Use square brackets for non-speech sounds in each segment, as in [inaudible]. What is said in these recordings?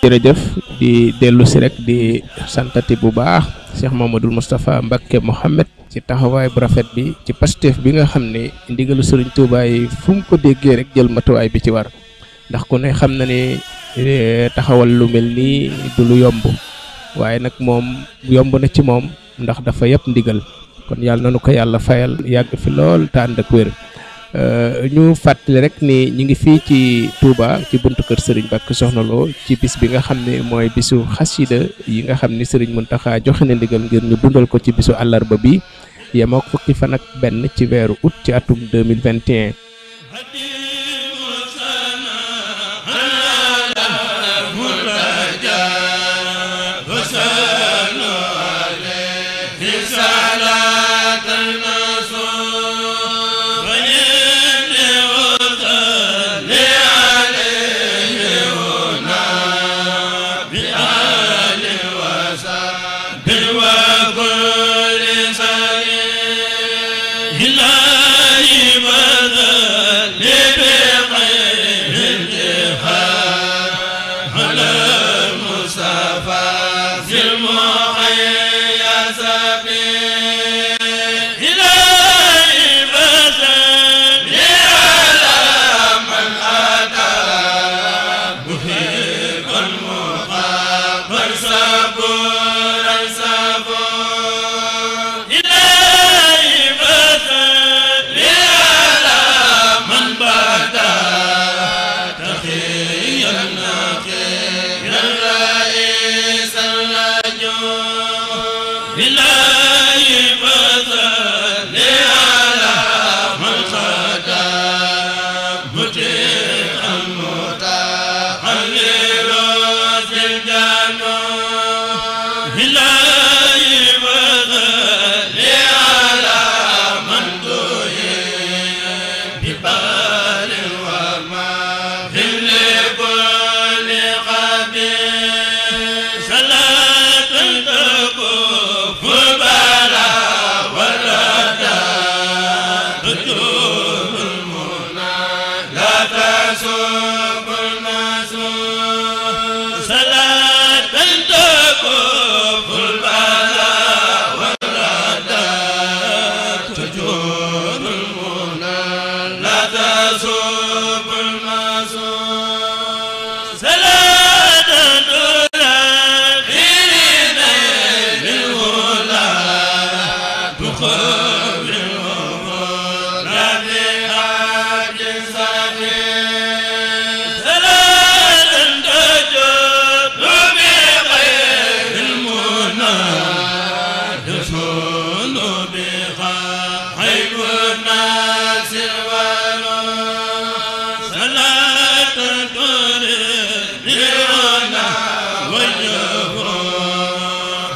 jërëjëf di dellu si rek di santati bu baax Cheikh Mamadou Mustafa Mbacké mohammed ci taxawaay bu rafet bi ci pastef bi nga xam ne ndigalu Serigne Touba yi fu mu ko déggee rek jël matuwaay bi ci war ndax ku ne xam na ne eh, taxawal lu mel nii du lu yomb waaye nag moom yomb na ci moom ndax dafa yëpp ndigal kon yàlla nanu ko yàlla fayal yàgg fi lool te ànd ak wér euh, ñu fàttali rek ni ñu ngi fii ci Touba ci buntu kër Serigne Bakk Soxna Lo ci bis bi nga xam ne mooy bisu xasida yi nga xam ni mun Mountakha joxe na ndigal ngir ñu dundal ko ci bisu àllarba bi yemook fukki fan benn ci weeru août ci atum 2021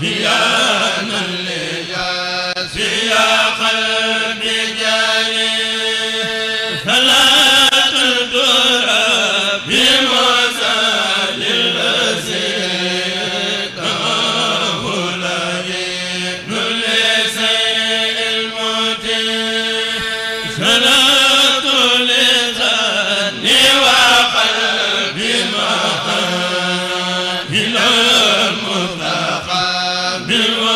Yeah. bil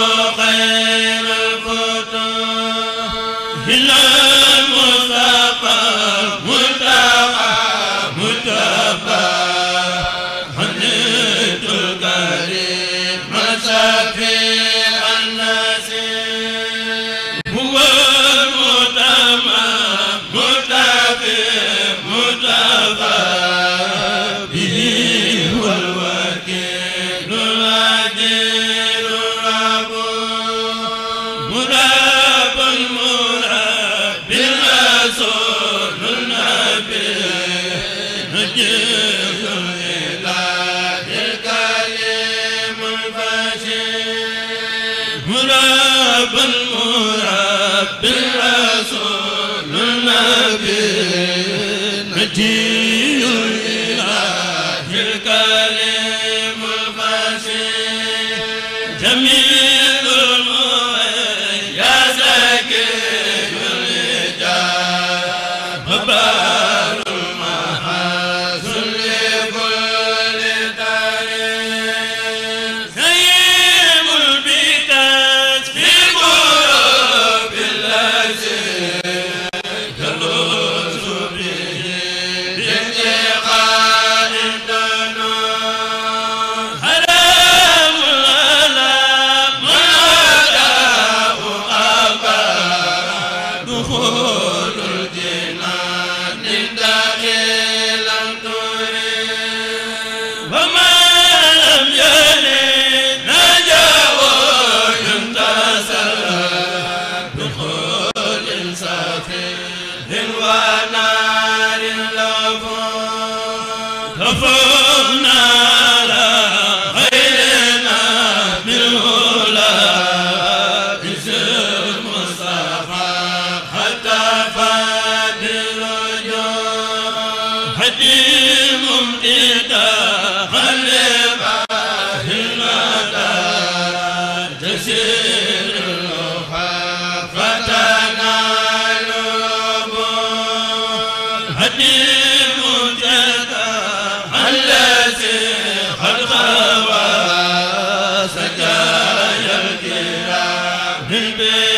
ji Bin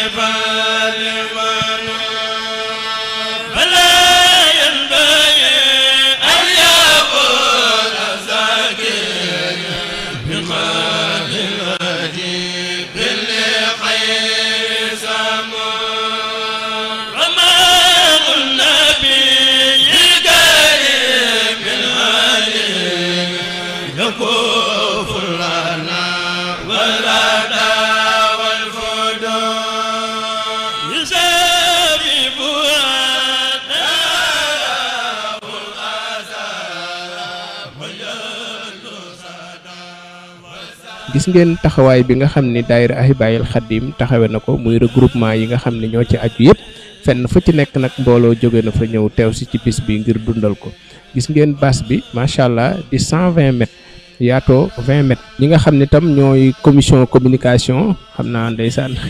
gis ngeen taxawaay bi nga xam ni daayira Ahibaahil Khadim taxawe na ko muy regroupement yi nga xam ne ñoo ci aju yëpp fenn fu ci nekk nag mbooloo jóge na fa ñëw teew si ci bis bi ngir dundal ko gis ngeen bâche bi macha allah di 120 mètres yaatoo 20 ñi nga xam ne tam ñooy commission communication xam naa ndeysaan [laughs]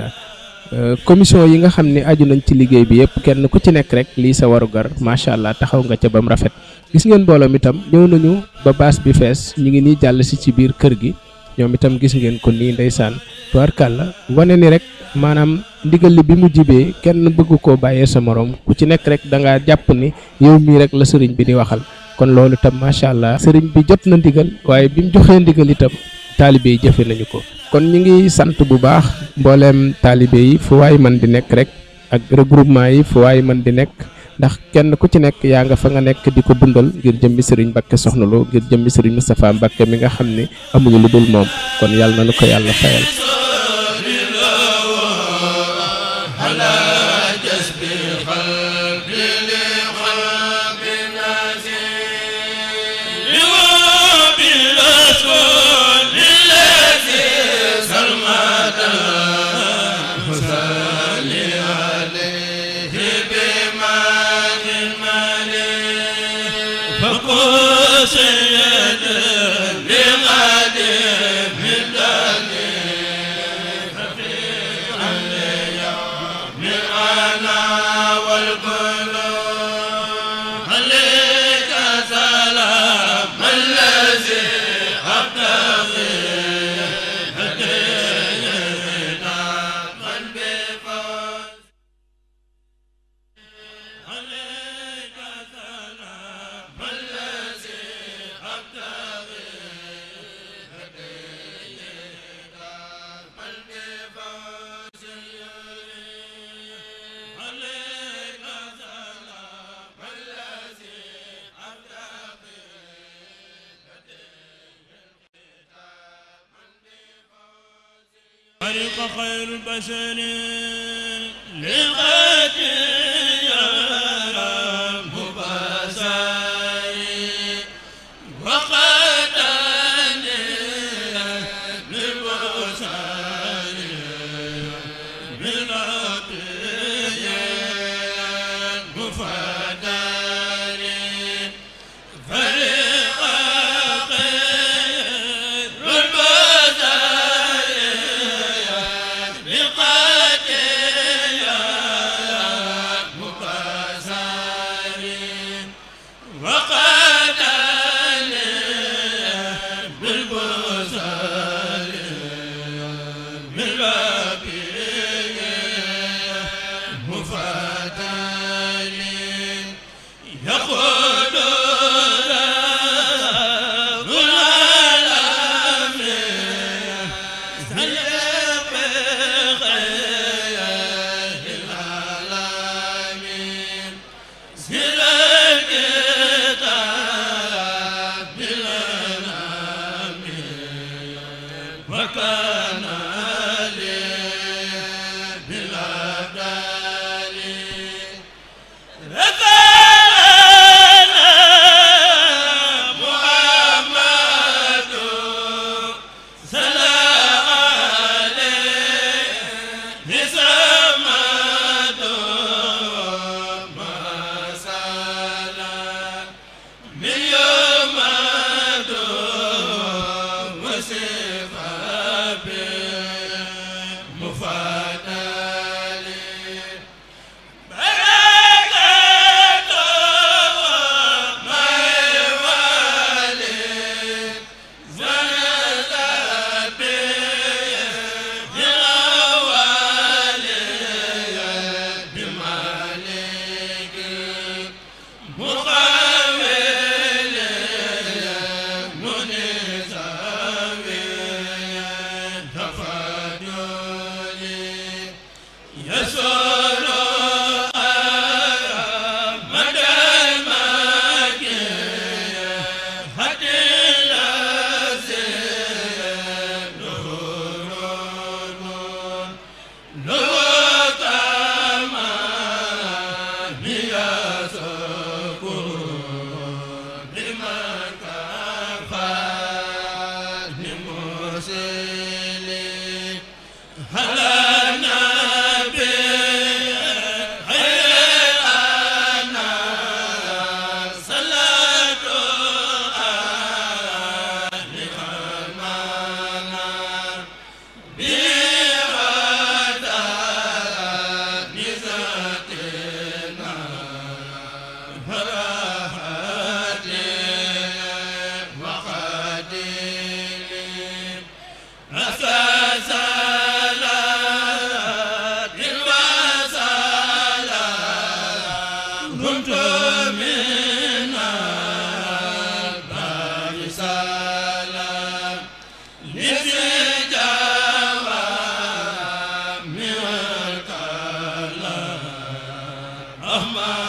waaw Euh, commission yi nga xam aju nañ ci liggéey bi yépp kenn ku ci nekk rek li sa allah taxaw nga ca bam rafet gis ngeen mbooloo mi tam ñëw nañu ba baas bi fess ñi ngi ni jall si ci biir kër gi ñoom itam gis ngeen ko ni ndaysan tubarkàlla wane ni rek manam ndigal li bi mu jibee kenn bëgg ko bayé sa morom ku ci nekk rek da nga japp ni yow mi rek la sëriñ bi di waxal kon lolu tam allah sëriñ bi jot na ndigal waye bimu joxé ndigal itam taalibe yi jëfe nañu ko kon ñu ngi sant bu baax mbooleem taalibe yi fu waay mën di nekk rek ak regroupement yi fu waay mën di nekk ndax kenn ku ci nekk yaa nga fa nga nekk di ko dundal ngir jëmmi sëriñ Mbacke Soxna Lo ngir jëmmi sëriñ Moustapha Mbacke mi nga xam ni amuñu lu dul moom kon yàlla na nu ko yàlla fayal الطريق خير البشر لقد يا This Muhammad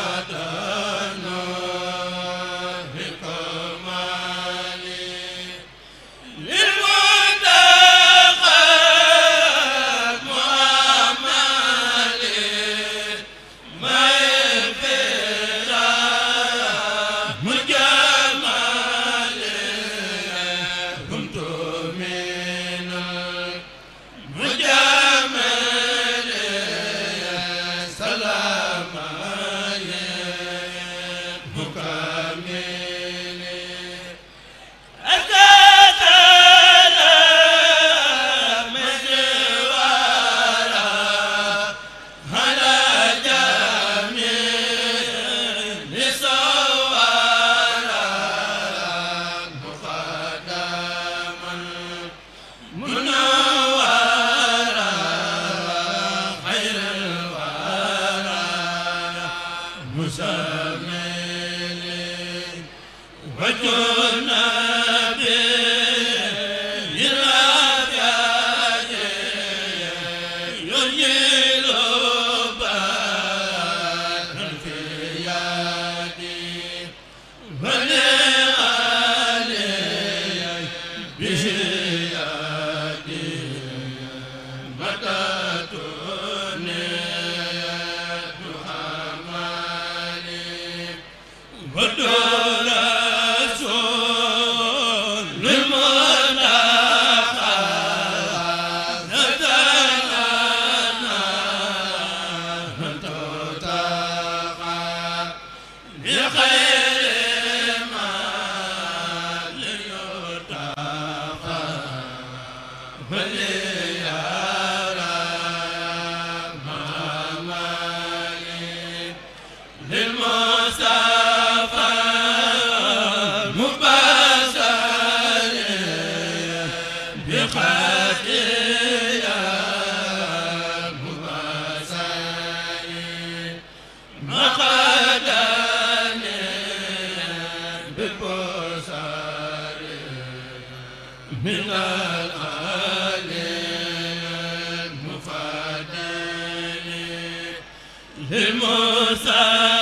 وجنا but المصطفى